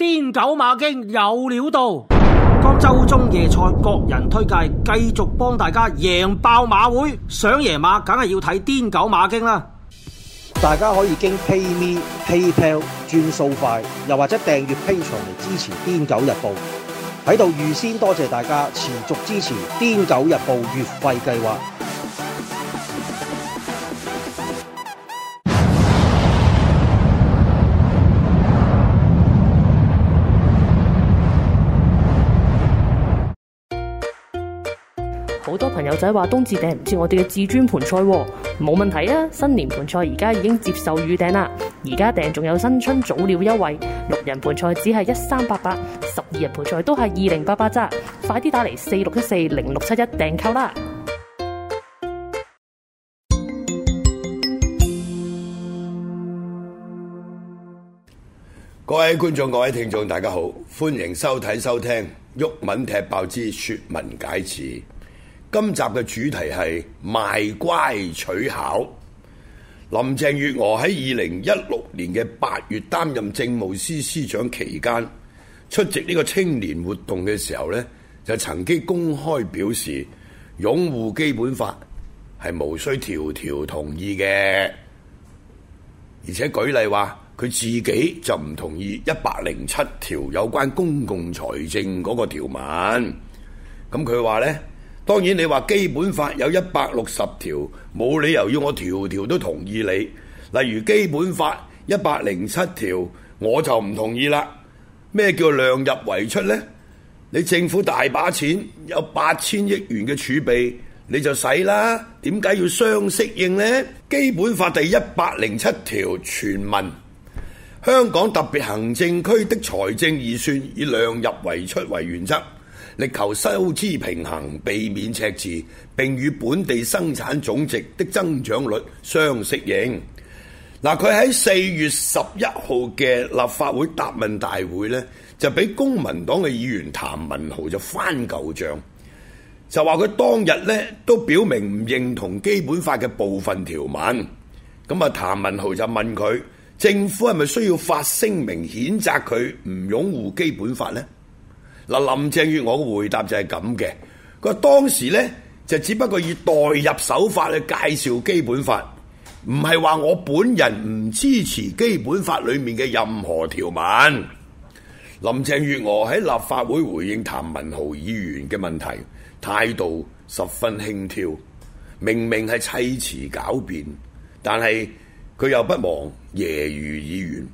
癲狗馬經有料到，今周中夜賽各人推介，繼續幫大家贏爆馬會。想贏馬梗係要睇癲狗馬經啦。大家可以經 PayMe PayPal 轉數快，又或者訂閱 Patreon 嚟支持癲狗日報。喺度預先多謝大家持續支持癲狗日報月費計劃。友仔話冬至訂唔知我哋嘅至尊盤菜冇問題啊！新年盤菜而家已經接受預訂啦，而家訂仲有新春早鳥優惠，六人盤菜只係一三八八，十二人盤菜都係二零八八咋快啲打嚟四六一四零六七一訂購啦！各位觀眾、各位聽眾，大家好，歡迎收睇、收聽《毓民踢爆之說文解字》。今集嘅主題係賣乖取巧。林鄭月娥喺二零一六年嘅八月擔任政務司司長期間，出席呢個青年活動嘅時候呢，就曾經公開表示擁護基本法係無需條條同意嘅。而且舉例話，佢自己就唔同意一百零七條有關公共財政嗰個條文。咁佢話呢。當然，你話基本法有一百六十條，冇理由要我條條都同意你。例如基本法一百零七條，我就唔同意啦。咩叫量入為出呢？你政府大把錢，有八千億元嘅儲備，你就使啦。點解要相適應呢？基本法第一百零七條全文：香港特別行政區的財政預算以量入為出為原則。力求收支平衡，避免赤字，並與本地生產總值的增長率相適應。嗱，佢喺四月十一號嘅立法會答問大會呢，就俾公民黨嘅議員譚文豪就翻舊帳，就話佢當日呢都表明唔認同基本法嘅部分條文。咁啊，譚文豪就問佢，政府係咪需要發聲明譴責佢唔擁護基本法呢？」林鄭月娥嘅回答就係咁嘅。佢話當時呢，就只不過以代入手法去介紹基本法，唔係話我本人唔支持基本法裡面嘅任何條文。林鄭月娥喺立法會回應譚文豪議員嘅問題，態度十分輕佻，明明係砌詞狡辯，但係佢又不忘揶揄議員。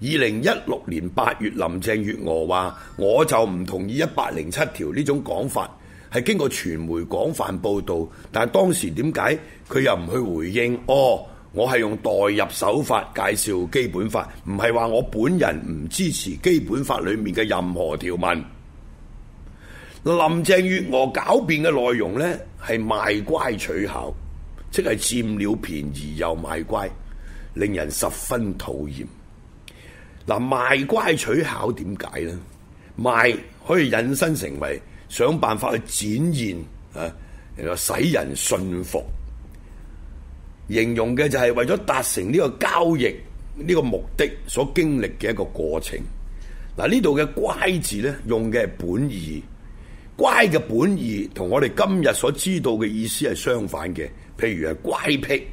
二零一六年八月，林鄭月娥話：我就唔同意一百零七條呢種講法，係經過傳媒廣泛報導。但當時點解，佢又唔去回應？哦，我係用代入手法介紹基本法，唔係話我本人唔支持基本法裡面嘅任何條文。林鄭月娥狡辯嘅內容呢，係賣乖取巧，即係佔了便宜又賣乖，令人十分討厭。嗱，賣乖取巧點解咧？賣可以引申成為想辦法去展現啊，然後使人信服。形容嘅就係為咗達成呢個交易呢個目的所經歷嘅一個過程。嗱，啊，呢度嘅乖字咧，用嘅係本意。乖嘅本意同我哋今日所知道嘅意思係相反嘅。譬如係乖僻，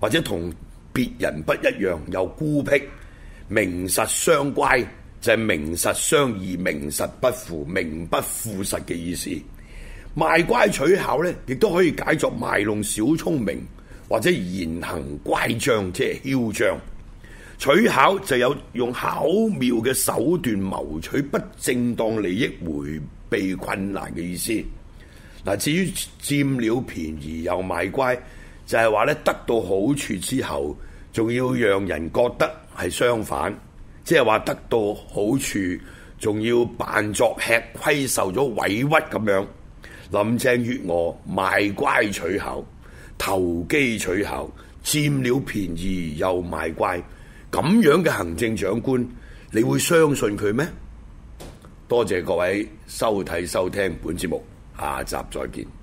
或者同別人不一樣，又孤僻。名實相乖就係、是、名實相異、名實不符、名不副實嘅意思。賣乖取巧呢，亦都可以解作賣弄小聰明或者言行乖張，即係囂張。取巧就有用巧妙嘅手段謀取不正當利益、回避困難嘅意思。嗱，至於佔了便宜又賣乖，就係話呢，得到好處之後，仲要讓人覺得。係相反，即係話得到好處，仲要扮作吃虧、受咗委屈咁樣。林鄭月娥賣乖取巧、投機取巧、佔了便宜又賣乖，咁樣嘅行政長官，你會相信佢咩？多謝各位收睇收聽本節目，下集再見。